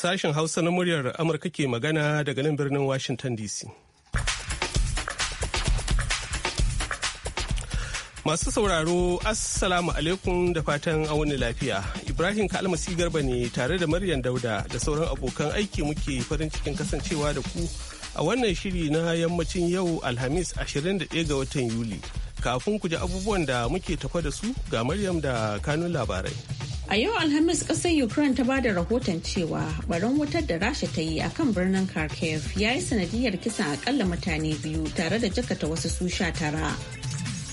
Sashen Hausa na muryar Amurka ke magana daga nan birnin Washington DC. Masu sauraro, Assalamu alaikum da fatan auni lafiya. Ibrahim Kalmasi Garba ne tare da Maryam Dauda da sauran abokan aiki muke farin cikin kasancewa da ku a wannan shiri na yammacin yau Alhamis 21 ga watan Yuli. Kafin ku ji abubuwan da muke tafa da su ga Maryam da kanun labarai. A yau Alhamis ƙasar Ukraine ta bada rahoton cewa barin wutar da Rasha ta yi akan birnin Kharkiv ya yi sanadiyar kisan akalla mutane biyu tare da jakata wasu su sha tara.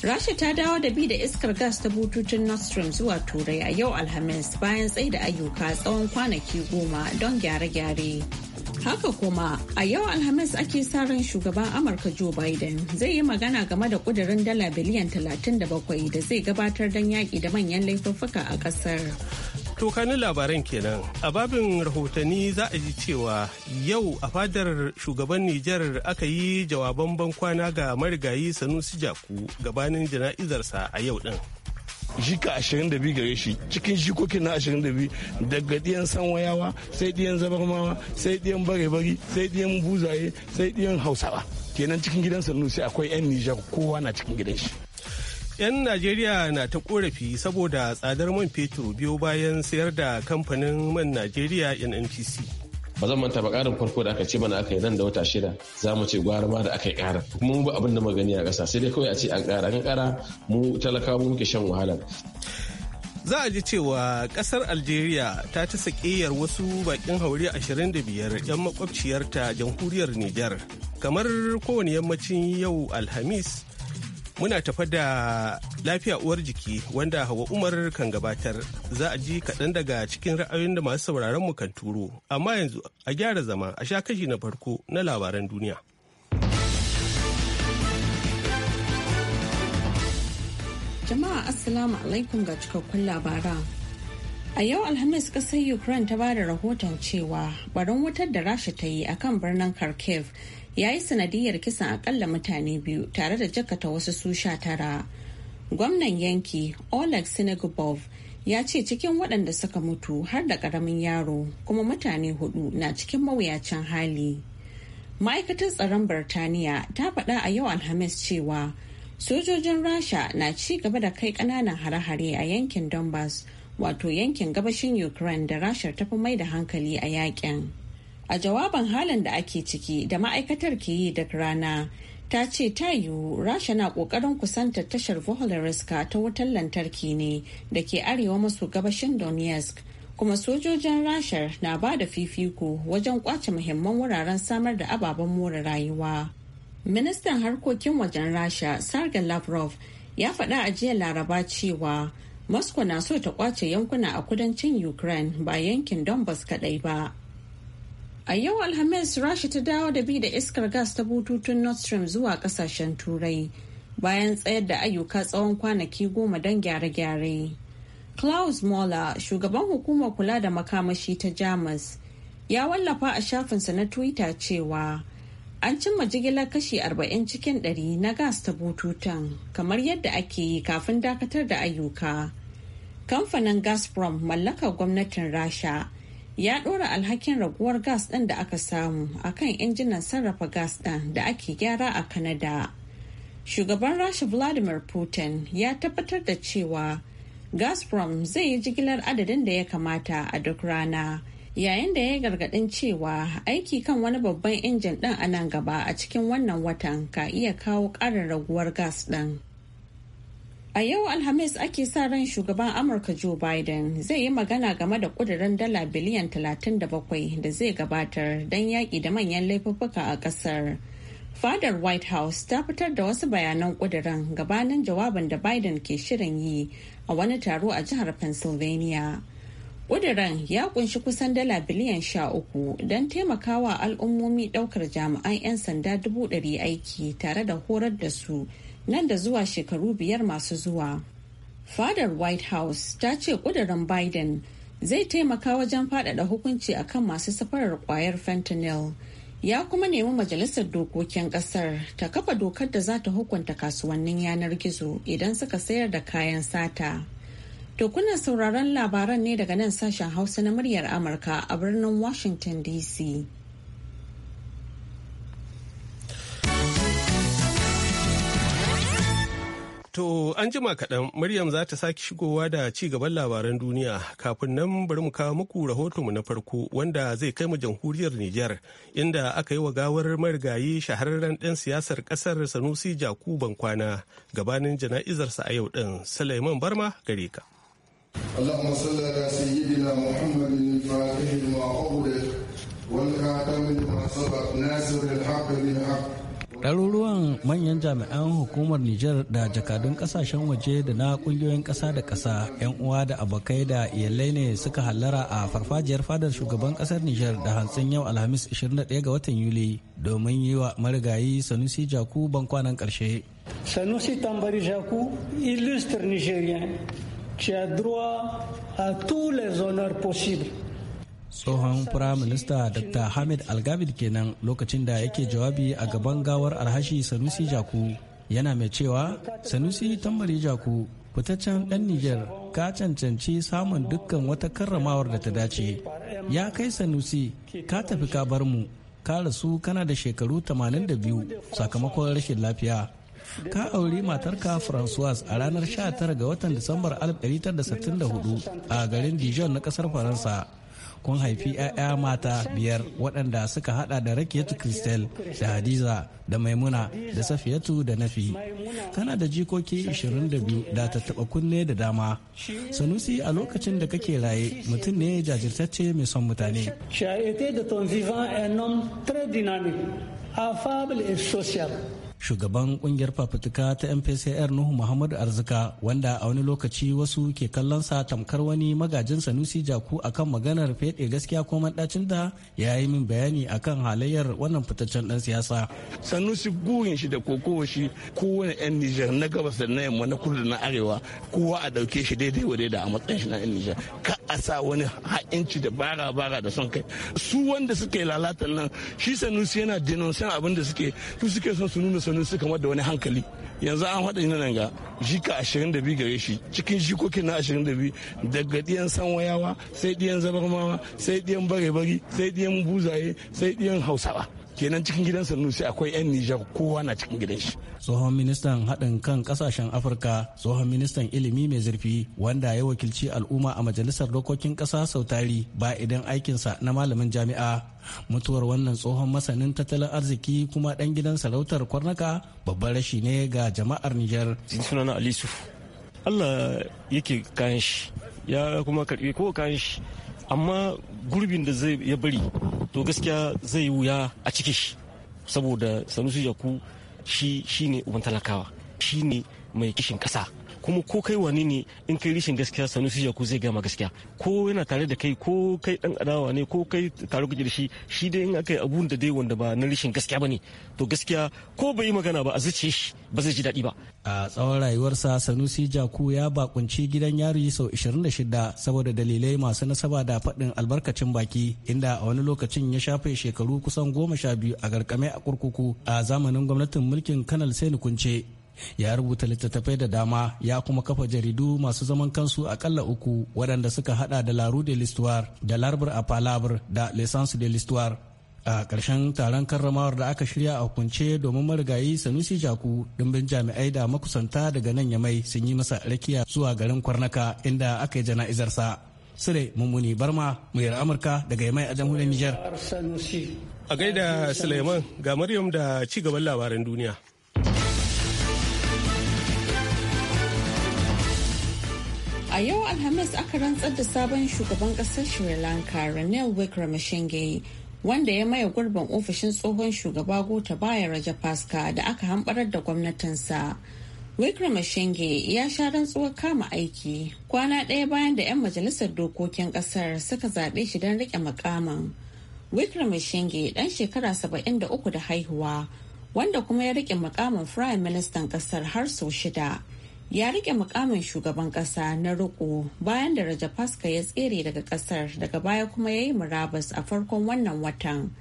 Rasha ta dawo da bi da iskar gas ta bututun Nord Stream zuwa Turai a yau Alhamis bayan tsaida ayyuka tsawon kwanaki goma don gyare-gyare. Haka kuma a yau Alhamis ake sa ran shugaban Amurka Joe Biden zai yi magana game da kudirin dala biliyan 37 da zai gabatar don yaƙi da manyan laifuffuka a ƙasar. tokanin labaran kenan a babin rahotanni za a ji cewa yau a fadar shugaban nijar aka yi jawaban bankwana ga marigayi sanusi jaku gabanin jana'izarsa a yau ɗin. jika 22 gare shi cikin jikokin na 22 daga ɗiyan sanwayawa sai ɗiyan zabarmawa sai ɗiyan bare-bari sai ɗiyan buzaye sai ɗiyan hausawa kenan cikin gidan sanusi akwai 'yan nijar kowa na cikin gidan shi 'yan najeriya na ta korafi saboda tsadar man fetur biyo bayan sayar da kamfanin man najeriya nnpc ba zan manta ba karin farko da aka ce mana aka yi nan da wata shida za mu ce gwara ma da aka yi kara kuma mu ba abin da magani a ƙasa sai dai kawai a ce an kara an kara mu talakawa muke shan wahala za a ji cewa kasar algeria ta ta sakiyar wasu bakin haure 25 'yan makwabciyarta jamhuriyar niger kamar kowane yammacin yau alhamis muna tafa da lafiya uwar jiki wanda hawa umar kan gabatar za a ji kaɗan daga cikin ra'ayoyin da masu sauraron mu kan turo amma yanzu a gyara zama a sha kashi na farko na labaran duniya jama'a assalamu alaikum ga cikakkun labaran a yau alhamis ƙasar ukraine ta ba da rahoton cewa barin wutar da rasha ta yi akan birnin kharkiv ya yi sanadiyar kisan akalla mutane biyu tare da jakata wasu su sha tara. Gwamnan yanki Oleg Sinigubov ya ce cikin waɗanda suka mutu har da ƙaramin yaro kuma mutane hudu na cikin mawuyacin hali. Ma'aikatar tsaron Birtaniya ta faɗa a yau Alhamis cewa sojojin Rasha na ci gaba da kai ƙananan hare-hare a yankin Donbass wato yankin gabashin Ukraine da rasha ta fi mai da hankali a yakin. a jawaban halin da ake ciki da ma'aikatar ke yi da rana ta ce ta yiwu rasha na kokarin kusantar tashar vohlariska ta wutar lantarki ne da ke arewa maso gabashin donetsk kuma sojojin rashar na ba da fifiko wajen kwace muhimman wuraren samar da ababen more rayuwa ministan harkokin wajen rasha sergei lavrov ya faɗa a jiya laraba cewa moscow na so ta kwace yankuna a kudancin ukraine ba yankin donbass kaɗai ba A yau Alhamis Rasha ta dawo da bi da iskar gas ta bututun Nord Stream zuwa kasashen Turai bayan tsayar da ayyuka tsawon kwanaki goma don gyare-gyare. Klaus Moller, shugaban hukumar kula da makamashi ta Jamus, ya wallafa a shafinsa na Twitter cewa an cimma jigilar kashi 40 cikin 100 na gas ta bututun kamar yadda ake yi kafin dakatar da ayyuka. Kamfanin Gazprom mallakar gwamnatin Rasha. ya ɗora alhakin raguwar gas ɗin da aka samu akan injinan sarrafa gas ɗin da ake gyara a Kanada. Shugaban Rasha Vladimir Putin ya tabbatar da cewa gasprom zai yi jigilar adadin da ya kamata a duk rana. Yayin da ya yi gargaɗin cewa aiki kan wani babban injin ɗin a nan gaba a cikin wannan watan ka iya kawo ƙarin raguwar gas ɗin. A yau Alhamis ake sa ran shugaban Amurka Joe Biden zai yi magana game da kudirin dala biliyan 37 da zai gabatar don yaƙi da manyan laifuffuka a ƙasar. Fadar White House ta fitar da wasu bayanan kudirin gabanin jawabin da Biden ke shirin yi a wani taro a jihar Pennsylvania. Kudirin ya kunshi kusan dala biliyan sha uku don taimakawa al'ummomi ɗaukar jami'an 'yan sanda dubu aiki tare da horar da su nan da zuwa shekaru biyar masu zuwa. Fadar White House ta ce ƙudurin Biden zai taimaka wajen faɗaɗa hukunci akan masu safarar ƙwayar fentanyl. Ya kuma nemi majalisar dokokin ƙasar ta kafa dokar da za ta hukunta kasuwannin yanar gizo idan suka sayar da kayan sata. To sauraron labaran ne daga nan sashen Hausa na muryar Amurka a birnin Washington DC. To an jima kaɗan Maryam za ta sake shigowa da ci gaban labaran duniya kafin nan bari mu kawo muku rahotonmu na farko wanda zai kai mu jamhuriyar Nijar inda aka yi wa gawar marigayi shahararren ɗan siyasar ƙasar Sanusi Jaku kwana gabanin jana'izarsa a yau ɗin Suleiman Barma gare ka. اللهم صل على سيدنا محمد الفاتح المعقود والخاتم لما سبق ناصر bil haqq ɗaruruwan manyan jami'an hukumar Nijar da jakadun ƙasashen waje da na ƙungiyoyin ƙasa da ƙasa 'yan uwa da abokai da iyalai ne suka hallara a farfajiyar fadar shugaban ƙasar Nijar da hantsin yau Alhamis 21 ga watan Yuli domin yi wa marigayi Sanusi Jaku bankwanan ƙarshe. Sanusi Tambari Jaku, illustre Nigérien, qui a droit à tous les honneurs possibles. tsohon firaminista dr hamid algabid kenan lokacin da yake jawabi a gaban gawar alhashi sanusi jaku yana mai cewa sanusi tambari jaku fitaccen dan niger ka cancanci samun dukkan wata karramawar da ta dace ya kai sanusi ka tafi ka bar mu ka rasu kana da shekaru 82 sakamakon rashin lafiya ka auri matarka françois a ranar 19 ga watan disambar 1964 a garin dijon na kasar faransa kun haifi 'ya'ya mata biyar waɗanda suka hada da rakiyatu kristel da hadiza da maimuna da safiyatu da nafi kana da jikoki 22 da ta taba kunne da dama sanusi a lokacin da kake raye mutum ne jajirtacce mai son mutane affable et social shugaban kungiyar fafutuka ta mpcr nuhu muhammadu arzika wanda a wani lokaci wasu ke kallon sa tamkar wani magajin sanusi jaku akan maganar fede gaskiya ko mandacin da ya yi min bayani akan halayyar wannan fitaccen dan siyasa sanusi gurin shi da kokowa shi kowane yan nijar na gabas da na yamma na kudu na arewa kowa a dauke shi daidai wa daidai a matsayin shi na yan nijar ka a sa wani ha'inci da bara bara da son kai su wanda suke lalatan nan shi sanusi yana denosan abin da suke su suke son su nuna su kamar da wani hankali yanzu an haɗa nan ga jika 22 gare shi cikin jikokin na 22 daga ɗiyan sanwayawa sai ɗiyan zabarmawa sai ɗiyan bare-bari sai ɗiyan buzaye sai ɗiyan hausawa kenan cikin gidan sanusi akwai 'yan nijar kowa na cikin gidan shi tsohon ministan haɗin kan ƙasashen afirka tsohon ministan ilimi mai zurfi wanda ya wakilci al'umma a majalisar dokokin ƙasa sau tari ba idan aikinsa na malamin jami'a mutuwar wannan tsohon masanin tattalin arziki kuma ɗan gidan sarautar kwarnaka babban rashi ne ga jama'ar nijar sunana ali allah yake kayan shi ya kuma karbi ko kayan shi amma gurbin da zai ya bari to gaskiya zai wuya a ciki shi saboda sanusi yaku shi shine umar talakawa shi ne mai kishin kasa kuma ko kai wani ne in kai rishin gaskiya sanusi ku zai gama gaskiya ko yana tare da kai ko kai dan adawa ne ko kai tare kuke da shi shi dai in aka yi abun da dai wanda ba na rishin gaskiya ne to gaskiya ko bai yi magana ba a zuce shi ba zai ji daɗi ba a tsawon rayuwarsa sanusi jaku ya bakunci gidan yari sau 26 saboda dalilai masu nasaba da faɗin albarkacin baki inda a wani lokacin ya shafe shekaru kusan goma sha biyu a garkame a kurkuku a zamanin gwamnatin mulkin kanal sai kunce ya rubuta littattafai da dama ya kuma kafa jaridu masu zaman kansu akalla uku waɗanda suka hada da laru de l'histoire da larbar a palabar da l'essence de l'histoire a ƙarshen taron karramawar da aka shirya a kunce domin marigayi sanusi jaku dimbin jami'ai da makusanta daga nan ya mai sun yi masa rakiya zuwa garin kwarnaka inda aka yi jana'izarsa sire mummuni barma muyar amurka daga yamai a jamhuriyar nijar. a gaida suleiman ga maryam da ci gaban labaran duniya A yau Alhamis aka rantsar da sabon shugaban kasar Sri Lanka Ranil Wickremesinghe wanda ya maye gurbin ofishin tsohon shugaba gota Gotabaya Rajapaksa da aka hambarar da gwamnatinsa. Wickremesinghe ya sha rantsuwar kama aiki kwana ɗaya bayan da 'yan majalisar dokokin ƙasar suka zaɓe shi don riƙe makaman. Wickremesinghe dan shekara 73 da haihuwa wanda kuma ya riƙe mukamin Firayim Ministan ƙasar har sau shida. ya rike mukamin shugaban kasa na riko bayan da raja-faska ya tsere daga kasar daga baya kuma ya yi murabus a farkon wannan watan.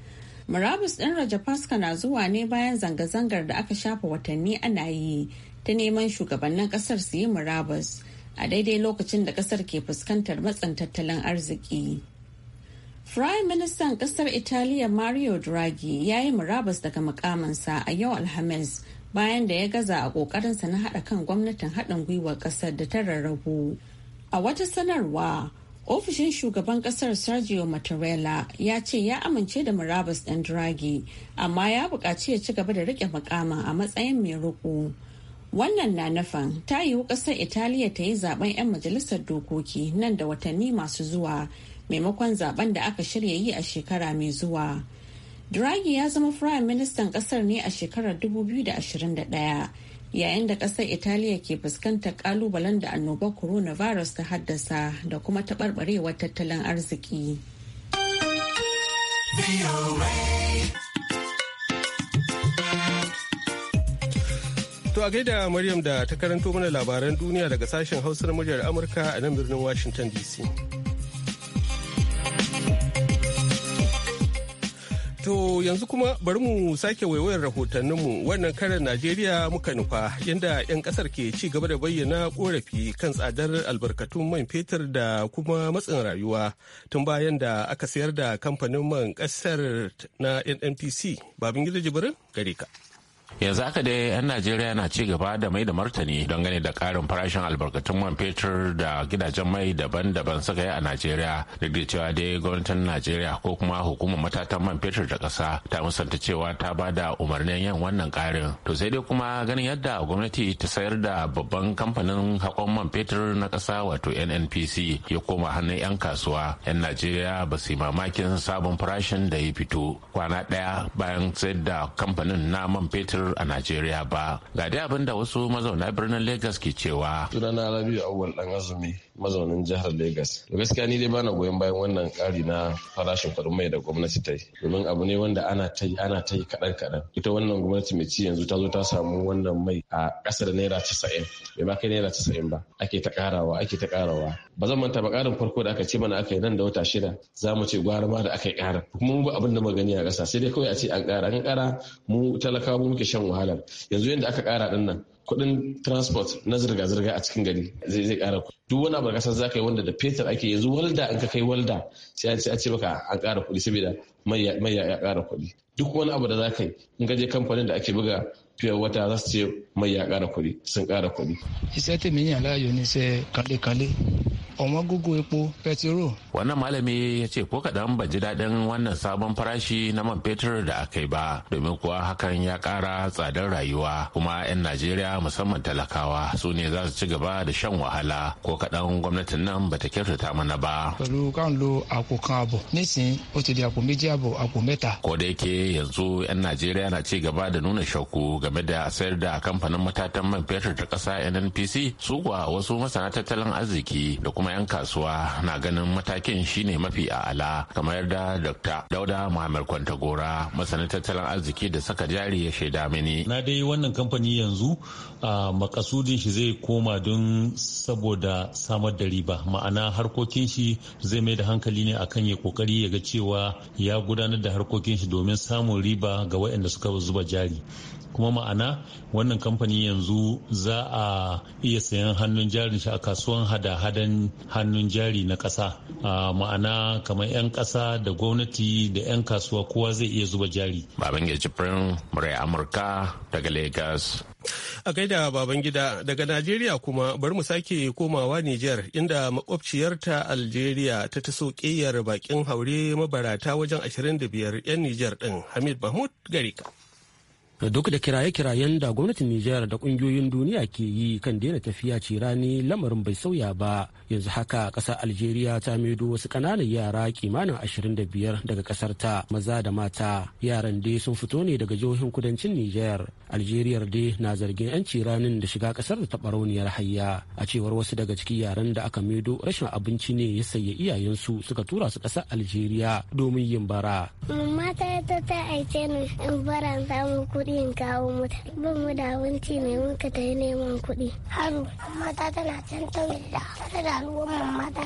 Murabus ɗin Rajapaksa na zuwa ne bayan zanga-zangar da aka shafa watanni ana yi ta neman shugabannin kasar su yi murabus a daidai lokacin da kasar ke fuskantar matsin tattalin arziki. Prime Ministan kasar Italiya Mario Draghi ya yi murabus daga mukaminsa a yau Alhamis bayan da ya gaza a ƙoƙarinsa na haɗa kan gwamnatin haɗin gwiwar ƙasar da ta rarrabu. A wata sanarwa, ofishin shugaban ƙasar Sergio Mattarella ya ce ya amince da murabus ɗan dragi amma ya buƙaci ya ci gaba da riƙe makama a matsayin mai riƙo. Wannan na nufin ta yiwu ƙasar Italiya ta yi zaben 'yan majalisar dokoki nan da watanni masu zuwa maimakon zaben da aka shirya yi a shekara mai zuwa. Draghi ya zama Prime ministan kasar ne a shekarar 2021 yayin da kasar Italiya ke fuskantar kalubalen da annobar coronavirus ta haddasa da kuma taɓarɓarewar tattalin arziki. To a gaida Maryam da ta karanto mana labaran duniya daga sashen hausar muryar Amurka a nan birnin Washington DC. To yanzu kuma bari mu sake waiwayar rahotanninmu wannan karin Najeriya muka nufa yadda 'yan kasar ke ci gaba da bayyana korafi kan tsadar albarkatun man fetur da kuma matsin rayuwa tun bayan da aka sayar da kamfanin man kasar na NNPC. Babangida jibirin gare ka. yanzu haka dai 'yan najeriya na ci gaba da mai da martani don gane da karin farashin albarkatun man fetur da gidajen mai daban-daban suka yi a najeriya duk da cewa dai gwamnatin najeriya ko kuma hukumar matatan man fetur da ƙasa ta musanta cewa ta ba da umarnin yin wannan karin to sai dai kuma ganin yadda gwamnati ta sayar da babban kamfanin haƙon man fetur na ƙasa wato nnpc ya koma hannun 'yan kasuwa 'yan najeriya ba su yi mamakin sabon farashin da ya fito kwana ɗaya bayan sayar da kamfanin na man fetur fetur a najeriya ba ga dai abin da wasu mazauna birnin lagos ke cewa sunana rabiu awwal dan azumi mazaunin jihar lagos gaskiya ni dai bana goyon bayan wannan ƙari na farashin kuɗin mai da gwamnati ta yi domin abu ne wanda ana ta yi ana ta yi kaɗan kaɗan ita wannan gwamnati mai ci yanzu ta zo ta samu wannan mai a ƙasa da naira casa'in bai ma kai naira casa'in ba ake ta ƙarawa ake ta ƙarawa ba zan manta ba ƙarin farko da aka ce mana aka yi nan da wata shida za mu ce gwara ma da aka yi ƙara kuma mu ba abin da magani a ƙasa sai dai kawai a ce an ƙara an ƙara mu talakawa muke shan wahalar yanzu yadda aka kara din nan kuɗin transport na zirga-zirga a cikin gari zai zai kara duk wani abu kasar zaka yi wanda da fetur ake yanzu walda in ka kai walda sai a ce baka an kara kuɗi saboda mai ya kara kuɗi duk wani abu da zaka yi in ka je kamfanin da ake buga fiye wata za su ce mai ya kara kuɗi sun kara kuɗi. isẹ́ tèmi yàrá yòó sai kale-kale gugu epo petiro. Wannan malami ya ce ko kaɗan ban ji daɗin wannan sabon farashi na man fetur da aka yi ba domin kuwa hakan ya ƙara tsadar rayuwa kuma 'yan Najeriya musamman talakawa su ne za su ci gaba da shan wahala ko kaɗan gwamnatin nan ba ta kyautata mana ba. Pẹ̀lú kan lo ako kan abo nisin o ti di ako meji abo ako mẹ́ta. Ko da yake yanzu 'yan Najeriya na ci gaba da nuna shakku game da sayar da kamfanin matatan man fetur ta ƙasa NNPC su kuwa wasu masana tattalin arziki da kuma kuma 'yan kasuwa na ganin matakin shine mafi a'ala kamar yadda dr dauda muhammad kwantagora masanin tattalin arziki da saka jari ya shaida mini na dai wannan kamfani yanzu a makasudin shi zai koma don saboda samar da riba ma'ana harkokin shi zai mai da hankali ne akan ya kokari ya ga cewa ya gudanar da harkokin shi domin samun riba ga waɗanda suka zuba jari kuma ma'ana wannan kamfani yanzu za a iya sayan hannun jarin shi a kasuwan hada-hadan hannun jari na ƙasa ma'ana kamar 'yan ƙasa da gwamnati da 'yan kasuwa kowa zai iya zuba jari amurka daga a gaida babangida daga najeriya kuma bari mu sake komawa Nijar inda makwabciyarta algeria ta taso ƙeyar bakin haure mabarata wajen 25 'yan Nijar ɗin hamid mahmud garika duk da kiraye-kirayen da gwamnatin Nijar da kungiyoyin duniya ke yi kan daina tafiya ce rani lamarin bai sauya ba yanzu haka ƙasar Algeria ta maido wasu ƙananan yara kimanin 25 daga ƙasar ta maza da mata yaran dai sun fito ne daga jihohin kudancin Nijar Algeria dai na zargin 'yanci ranin da shiga ƙasar da tabarauniyar hayya a cewar wasu daga cikin yaran da aka maido rashin abinci ne ya sayi iyayensu suka tura su ƙasar Algeria domin yin bara. Mata ta ta aice ni in bara samu kuɗi in kawo mata ban mu da abinci mai muka ta yi neman kuɗi haru amma tana can ta da ruwan mamma ta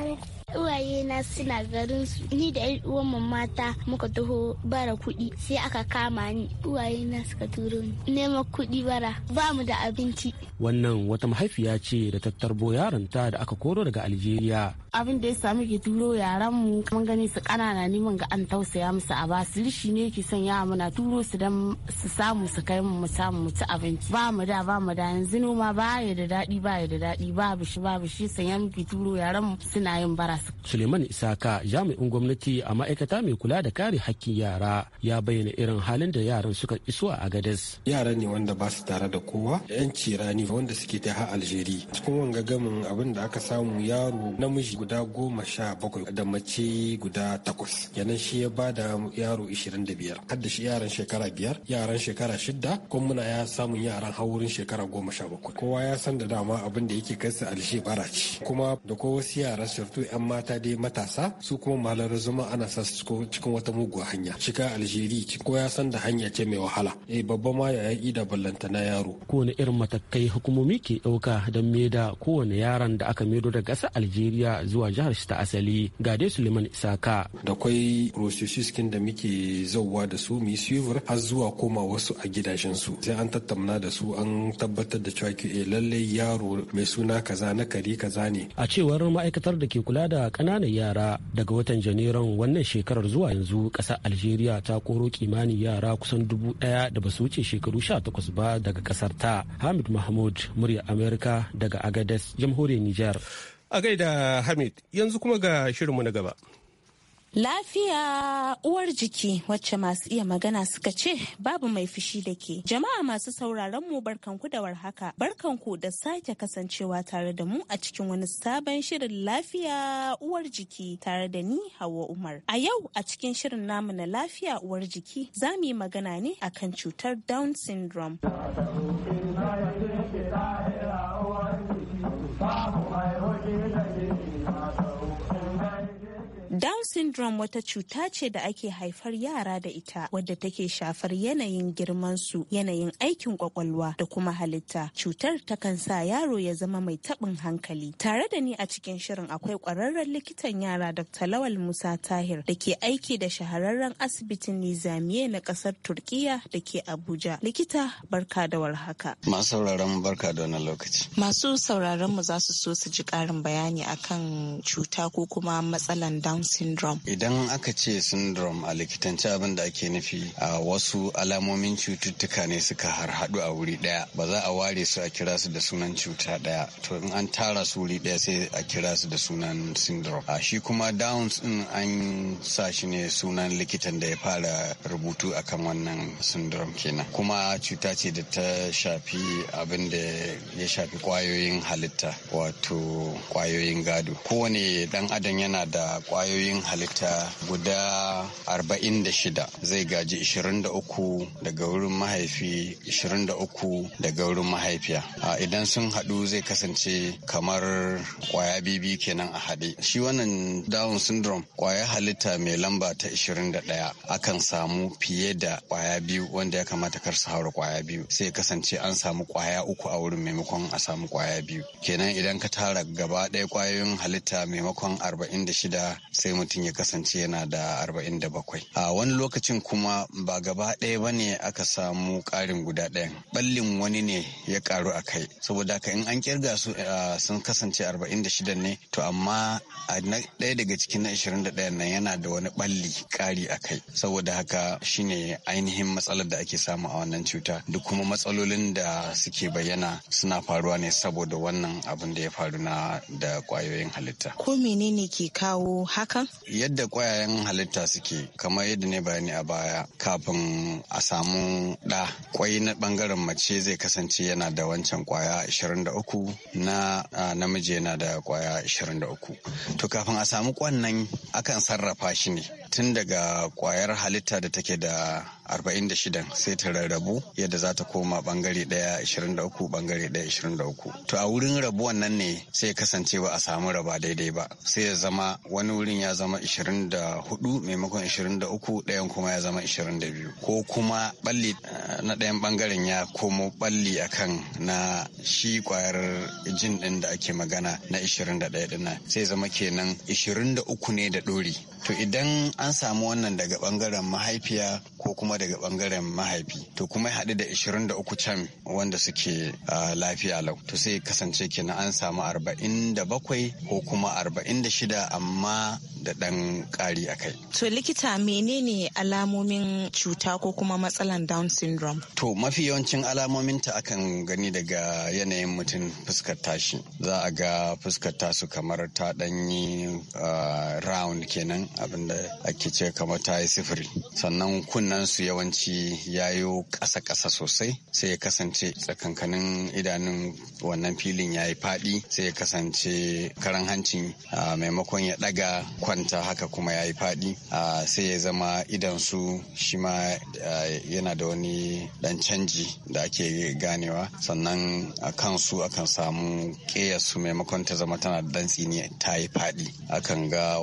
uwaye na suna garin su ni da yan uwan mata muka taho bara kuɗi sai aka kama ni uwaye na suka turo ni neman kuɗi bara ba mu da abinci wannan wata mahaifiya ce da ta tarbo ta da aka koro daga Algeria abin da ya sami ke turo yaran mu mun gani su kanana ne mun ga an tausaya musu a basu ne ke son ya muna turo su dan su samu su kai mu samu mu ci abinci ba mu da ba mu da yanzu noma ba ya da daɗi ba ya da daɗi ba shi babu shi ke turo yaran mu suna yin bara Suleiman Isaka jami'in gwamnati a ma'aikata mai kula da kare hakkin yara ya bayyana irin halin da yaran suka iso a Agadez. yaran ne wanda ba su tare da kowa, 'yan cirani wanda suke ta ha Aljeri. Cikin wanga gamin abin da aka samu yaro namiji guda goma sha bakwai da mace guda takwas. Yanan shi ya ba da yaro ishirin da biyar. Hadda shi yaran shekara biyar, yaran shekara shidda, kuma muna ya samun yaran haurin shekara goma sha bakwai. Kowa ya san da dama abin da yake kai su Aljeri bara ce. Kuma da kowa wasu yara surtu 'yan mata dai matasa su kuma malar zama ana sa su cikin wata muguwa hanya shiga aljeri ko ya san da hanya ce mai wahala eh babba ma ya yi da na yaro kowane irin matakai hukumomi ke ɗauka don me da kowane yaran da aka medo daga ƙasar aljeriya zuwa jihar shi ta asali ga dai suleiman isaka da kwai processes kin da muke zauwa da su mu yi har zuwa koma wasu a gidajen su sai an tattauna da su an tabbatar da cewa ke eh, lallai yaro mai suna kaza na kari kaza ne a cewar ma'aikatar da ke kula da da ƙananan yara daga watan janairun wannan shekarar zuwa yanzu ƙasar algeria ta koro kimanin yara kusan dubu ɗaya da basu wuce shekaru sha takwas ba daga ƙasar ta hamid mahmud murya amerika daga agades jamhuriyar niger a gaida hamid yanzu kuma ga shirinmu na gaba Lafiya uwar jiki wacce masu iya magana suka ce babu mai fushi da ke. Jama'a masu sauraron mu barkanku da warhaka. Barkanku da sake kasancewa tare da mu a cikin wani sabon shirin lafiya uwar jiki tare da ni hawa Umar. A yau a cikin shirin namu na lafiya uwar jiki za mu yi magana ne akan cutar Down syndrome. Down syndrome wata cuta ce da ake haifar yara da ita wadda take shafar yanayin girmansu, yanayin aikin kwakwalwa da kuma halitta. Cutar takan sa yaro ya zama mai taɓin hankali. Tare da ni a cikin shirin akwai ƙwararren likitan yara Dr. Lawal Musa Tahir da ke aiki da shahararren asibitin Nizamiye na ƙasar Turkiya da ke Abuja. Likita barka da warhaka. Masu sauraron barka da wannan lokaci. Masu sauraron mu za su so su ji ƙarin bayani akan cuta ko kuma matsalan Down syndrome. Idan aka ce syndrome a likitance abin da ake nufi a wasu alamomin cututtuka ne suka har haɗu a wuri ɗaya ba za a ware su a kira su da sunan cuta ɗaya to in an tara su wuri ɗaya sai a kira su da sunan syndrome. A shi kuma downs ɗin an sa shi ne sunan likitan da ya fara rubutu akan wannan syndrome kenan kuma cuta ce da ta shafi abin da ya shafi kwayoyin halitta wato kwayoyin gado kowane ɗan adam yana da kwayoyin kwayoyin halitta guda 46 zai gaji 23 daga wurin mahaifi 23 daga wurin mahaifiya idan sun haɗu zai kasance kamar kwaya bibi kenan a haɗe shi wannan down syndrome kwaya halitta mai lamba ta 21 akan samu fiye da kwaya biyu wanda ya kamata kar su haura kwaya biyu sai kasance an samu kwaya uku a wurin maimakon a samu kwaya biyu kenan idan ka tara gaba ɗaya kwayoyin halitta maimakon 46 sai mutum ya kasance yana da arba'in bakwai a wani lokacin kuma ba gaba ɗaya ba ne aka samu ƙarin guda ɗaya ɓallin wani ne ya ƙaru a kai saboda haka in an kirga su sun kasance 46 ne to amma ɗaya daga cikin na 21 nan yana da wani ɓalli ƙari a kai saboda haka shine ainihin matsalar da ake samu a wannan cuta duk kuma matsalolin da suke bayyana suna faruwa ne saboda wannan abin da ya faru na da ƙwayoyin halitta ko menene ke kawo haka hakan? Yadda ƙwayayen halitta suke kamar yadda ne bayani a baya kafin a samu ɗa kwai na ɓangaren mace zai kasance yana da wancan kwaya 23 na namiji yana da kwaya 23. To kafin a samu nan akan sarrafa shi ne tun daga kwayar halitta da take da 46 sai ta rarrabu yadda za ta koma bangare daya 23 bangare daya 23 to a wurin rabuwan nan ne sai kasance ba a samu raba daidai ba sai ya zama wani wurin ya zama 24 maimakon 23 ɗayan kuma ya zama 22 ko kuma balli eh, na ɗayan bangaren ya komo balli akan na shi kwayar jin ɗin da ake magana na 21 ɗin sai zama kenan 23 ne da ɗori to idan an samu wannan daga bangaren mahaifiya ko kuma daga bangaren mahaifi to kuma ya haɗu da 23 can wanda suke lafiya lau to sai kasance kenan an samu 47 ko kuma 46 amma da ɗan ƙari a kai. To likita menene alamomin cuta ko kuma matsalan Down syndrome? To mafi yawancin alamomin alamominta akan gani daga yanayin mutum fuskar tashi. Za a ga fuskar tasu kamar ta ɗanyi round kenan abinda ake ce kamar ta yi sifiri. Sannan kun nan su yawanci yayo ƙasa-ƙasa sosai sai ya kasance tsakankanin idanun wannan filin ya yi faɗi sai ya kasance karan hancin maimakon ya ɗaga kwanta haka kuma ya yi faɗi sai ya zama idan su shi ma yana da wani ɗan canji da ake ganewa sannan a kansu akan samu su maimakon ta zama tana da tsini ta yi faɗi akan ga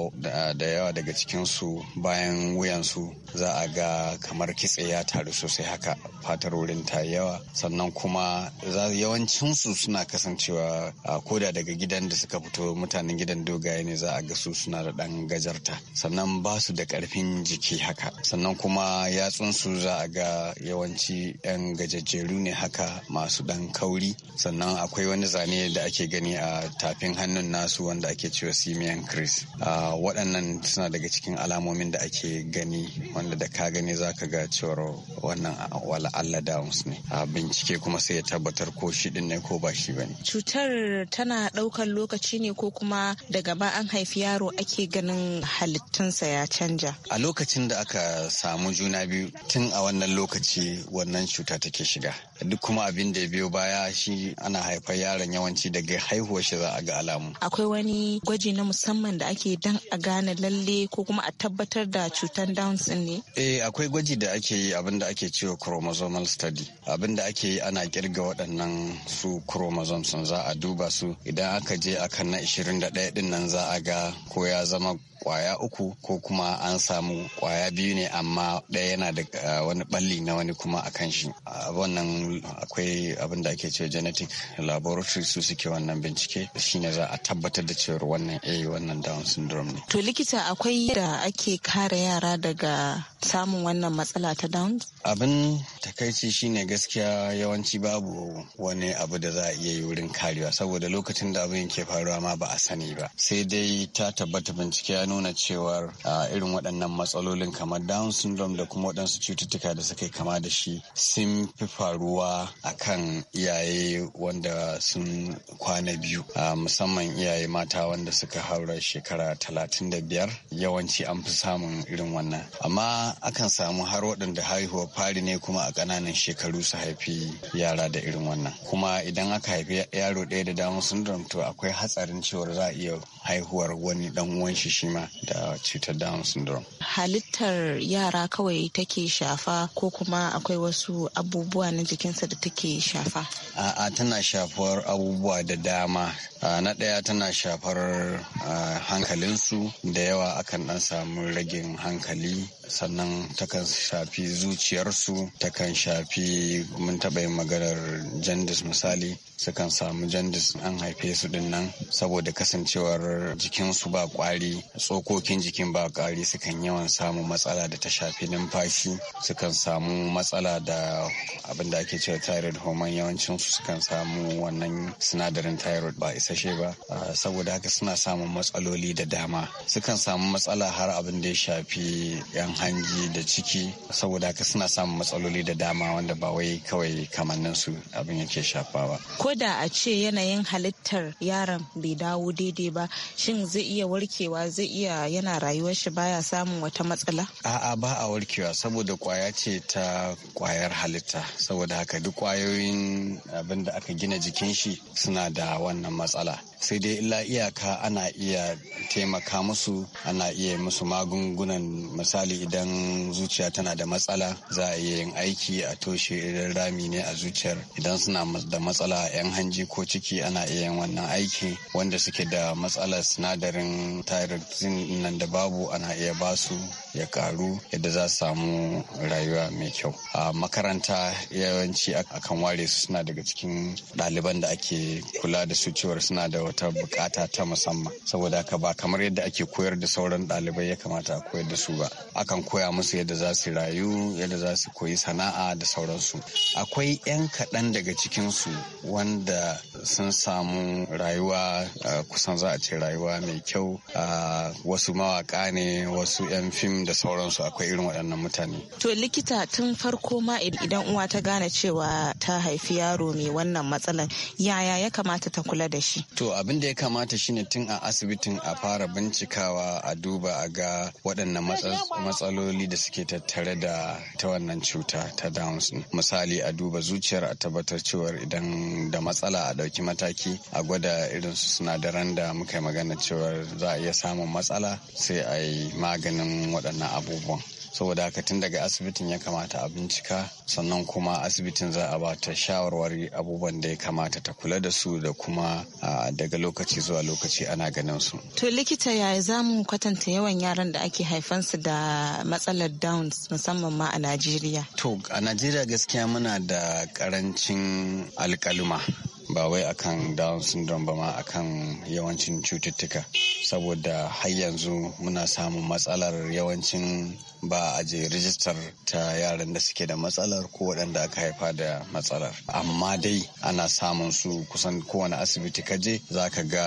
da yawa daga cikinsu bayan wuyansu za a ga kamar kitse ya taru sosai haka fatar wurin ta yawa sannan kuma yawancinsu suna kasancewa a koda daga gidan da suka fito mutanen gidan dogaye ne za a ga su suna da ɗan gajarta sannan ba su da karfin jiki haka sannan kuma yatsunsu za a ga yawanci 'yan gajajjeru ne haka masu ɗan kauri sannan akwai wani zane da ake gani a tafin hannun nasu wanda ake cewa simian chris waɗannan suna daga cikin alamomin da ake gani wanda da ka gani za za ka ga cewar wannan wala Allah Downs ne a bincike kuma sai ya tabbatar ko shi din ne ko ba shi bane cutar tana ɗaukar lokaci ne ko kuma daga ba an haifi yaro ake ganin halittunsa ya canja a lokacin da aka samu juna biyu tun a wannan lokaci wannan cuta take shiga duk kuma abin da ya biyo baya shi ana haifar yaron yawanci daga haihuwar shi za a ga alamu akwai wani gwaji na musamman da ake dan a gane lalle ko kuma a tabbatar da cutar downs ne eh akwai gwaji da ake yi abin da ake cewa chromosomal study abin ake yi ana kirga waɗannan su chromosomes za a duba su idan aka je akan na 21 din nan za a ga ko ya zama kwaya uku ko kuma an samu kwaya biyu ne amma ɗaya yana da wani balli na wani kuma a kan shi wannan akwai abin da ake cewa genetic laboratory su suke wannan bincike shine za a tabbatar da cewar wannan a eh, wannan down syndrome ne to likita akwai yadda ake kare yara daga samun wannan wannan matsala ta down? Abin takaici shine gaskiya yawanci babu wani abu da za a iya yi wurin karewa saboda lokacin da abin ke faruwa ma ba a sani ba. Sai dai ta tabbata bincike ya nuna cewar irin waɗannan matsalolin kamar down syndrome da kuma waɗansu cututtuka da suka kama da shi sun fi faruwa akan iyaye wanda sun kwana biyu musamman iyaye mata wanda suka haura shekara talatin da biyar yawanci an fi samun irin wannan amma akan samu samu har waɗanda haihuwa fari ne kuma a ƙananan shekaru su haifi yara da irin wannan kuma idan aka haifi yaro ɗaya da damar syndrome to akwai hatsarin cewa za a iya haihuwar wani dan uwan shi shima da cutar down syndrome halittar yara kawai take shafa ko kuma akwai wasu abubuwa na jikinsa da take shafa a'a tana shafuwar abubuwa da dama na ɗaya tana shafar hankalinsu da yawa akan ɗan samu ragin hankali sannan takan shafi zuciyarsu takan shafi mun taɓa yin maganar jandis misali sukan samu jandis an haife su din nan saboda kasancewar jikinsu ba kwari tsokokin jikin ba kwari sukan yawan samu matsala da ta shafi numfashi sukan samu matsala da abin da ake cewa thyroid hormone yawancinsu sukan samu wannan sinadarin thyroid ba isashe ba saboda haka suna samun matsaloli da dama sukan samu matsala har abin da ya shafi yan hangi da ciki saboda haka suna samun matsaloli da dama wanda ba wai kawai kamannin su abin yake shafa ba ko da a ce yanayin halittar yaron bai dawo daidai ba shin zai iya warkewa zai iya yana rayuwar shi baya samun wata matsala a'a ba a warkewa saboda kwaya ce ta kwayar halitta saboda haka duk kwayoyin abin da aka gina jikin shi suna da wannan matsala matsala sai dai illa iyaka ana iya taimaka musu ana iya musu magungunan misali idan zuciya tana da matsala za a iya yin aiki a toshe idan rami ne a zuciyar idan suna da matsala yan hanji ko ciki ana iya yin wannan aiki wanda suke da matsalar sinadarin thyroxine nan da babu ana iya basu ya karu yadda za su samu rayuwa mai kyau a makaranta yawanci akan ware su suna daga cikin ɗaliban da ake kula da su cewar suna da wata bukata ta musamman saboda haka ba kamar yadda ake koyar da sauran ɗalibai ya kamata a koyar da su ba akan koya musu yadda za su rayu yadda za su koyi sana'a da sauransu akwai 'yan kaɗan daga cikin su wanda sun samu rayuwa kusan za a ce rayuwa mai kyau wasu mawaka ne wasu 'yan fim da sauransu akwai irin waɗannan mutane. To likita tun farko ma idan uwa ta gane cewa ta haifi yaro mai wannan matsalar yaya ya kamata ta kula da shi? To abin da ya kamata shine tun a asibitin a fara bincikawa a duba a ga waɗannan matsaloli da suke tattare da ta wannan cuta ta Downs. Misali a duba zuciyar a tabbatar cewa idan da matsala a ɗauki mataki a gwada irin su sinadaran da muka yi magana cewa za a iya samun matsala sai a yi maganin waɗannan waɗannan abubuwan saboda haka tun daga asibitin ya kamata a bincika sannan kuma asibitin za a ba ta shawarwari abubuwan da ya kamata ta kula da su da kuma daga lokaci zuwa lokaci ana ganin su. To likita yaya za mu kwatanta yawan yaran da ake haifansu da matsalar Downs musamman ma a Najeriya? To a Najeriya gaskiya muna da karancin alkaluma ba wai akan down syndrome ba ma akan yawancin cututtuka saboda har yanzu muna samun matsalar yawancin ba a je rijistar ta yaran da suke da matsalar ko waɗanda aka haifa da matsalar amma dai ana samun su kusan kowane asibiti kaje za ka ga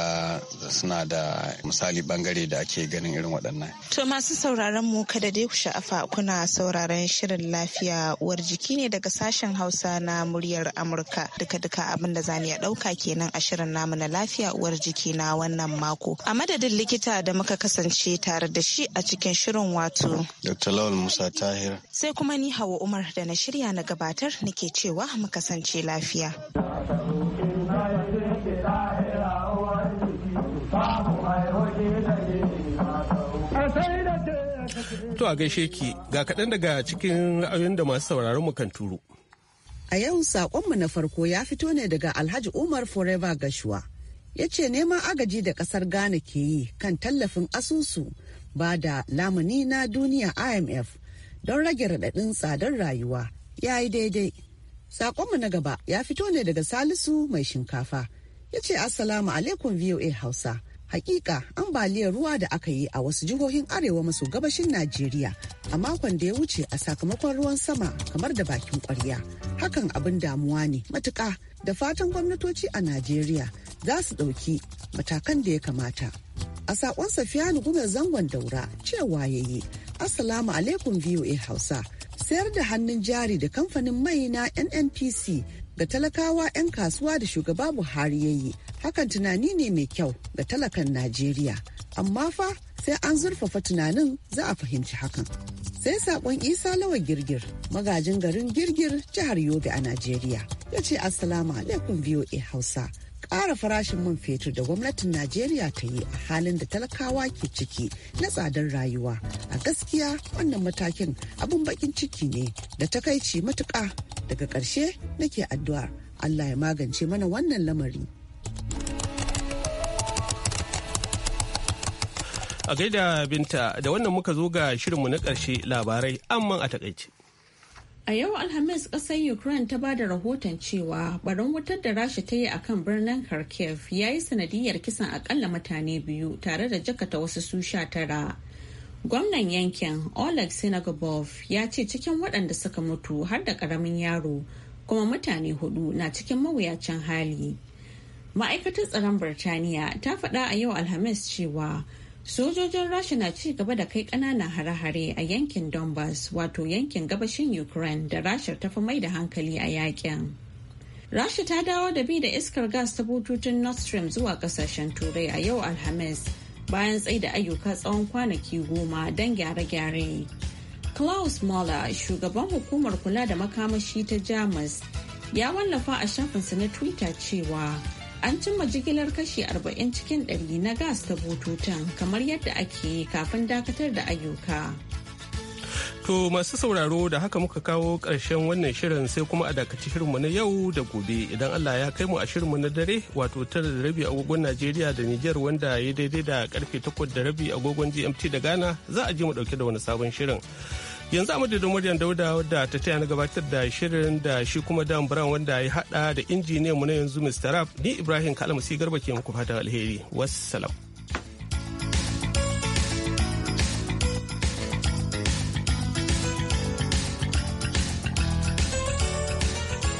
suna da misali bangare da ake ganin irin waɗannan to masu sauraron mu kada dai ku sha'afa kuna sauraron shirin lafiya uwar jiki ne daga sashen hausa na muryar amurka duka-duka abin da zani ya ɗauka kenan a shirin namu na lafiya uwar jiki na wannan mako. A madadin likita da muka kasance tare da shi a cikin shirin wato. Dr. Lawal Musa Tahir. Sai kuma ni Hawa Umar da na shirya na gabatar nake cewa mu kasance lafiya. To a gaishe ki ga kaɗan daga cikin ra'ayoyin da masu sauraron mu kan turu. A yau saƙonmu na farko ya fito ne daga Alhaji Umar Forever Gashua Ya ce neman agaji da ƙasar Ghana ke yi kan tallafin asusu ba da lamuni na duniya IMF don rage raɗaɗin tsadar rayuwa ya yi daidai. Saƙonmu na gaba ya fito ne daga Salisu mai shinkafa. Ya ce Assalamu alaikum VOA Hausa. Hakika ambaliyar ruwa da aka yi a wasu jihohin arewa maso gabashin Najeriya a makon da ya wuce a sakamakon ruwan sama kamar da bakin kwarya. Hakan abin damuwa ne Matuka, da fatan gwamnatoci a Najeriya za su ɗauki matakan da ya kamata. A saƙon Safiyanu Gumar zangon daura cewa ya yi Assalamu alaikum VOA Hausa. sayar da hannun jari da kamfanin mai na nnpc ga talakawa 'yan kasuwa da shugaba Buhari ya yi. Hakan tunani ne mai kyau ga talakan Najeriya. Amma fa sai an zurfafa tunanin za a fahimci hakan. Sai saƙon Isa Lawa Girgir, magajin garin Girgir jihar Yobe a Najeriya. Ya ce Assalamu alaikum VOA Hausa. Ƙara farashin man fetur da gwamnatin Najeriya ta yi a halin da talakawa ke ciki na tsadar rayuwa. A gaskiya wannan matakin abin bakin ciki ne da takaici matuƙa daga ƙarshe nake addu'a, allah ya magance mana wannan lamari a gaida binta da wannan muka zo ga shirinmu na ƙarshe labarai amman a takaice A yau Alhamis ƙasar Ukraine ta ba da rahoton cewa barin wutar da Rasha ta yi a kan birnin Kharkiv ya yi sanadiyar kisan akalla mutane biyu tare da jakata wasu su sha tara. Gwamnan yankin Oleg Senagobov ya ce cikin waɗanda suka mutu har da ƙaramin yaro kuma mutane hudu na cikin mawuyacin hali. Ma'aikatar tsaron Birtaniya ta faɗa a yau Alhamis cewa sojojin Rasha na ci gaba da kai ƙananan hare-hare a yankin Donbass wato yankin gabashin Ukraine da Rasha ta fi mai da hankali a yakin. Rasha ta dawo da bi da iskar gas ta bututun Nord Stream zuwa ƙasashen Turai a yau Alhamis. bayan tsaida ayyuka tsawon kwanaki goma don gyare-gyare. Klaus Mahler, shugaban hukumar kula da makamashi ta Jamus, ya wallafa a shafinsa na Twitter cewa an cimma jigilar kashi 40 cikin 100 na gas ta bututun kamar yadda ake kafin dakatar da ayyuka. To masu sauraro da haka muka kawo ƙarshen wannan shirin sai kuma a dakaci shirinmu na yau da gobe idan Allah ya kai mu a shirinmu na dare wato tara da rabi agogon Najeriya da Nijar wanda ya daidai da karfe takwas da rabi agogon GMT da Ghana za a ji mu dauke da wani sabon shirin. Yanzu a madadin Maryam Dauda wadda ta taya na gabatar da shirin da shi kuma Dan Brown wanda ya hada da injiniyan mu na yanzu Mr. Rap ni Ibrahim Kalamasi Garba ke muku fatan alheri. Wassalam.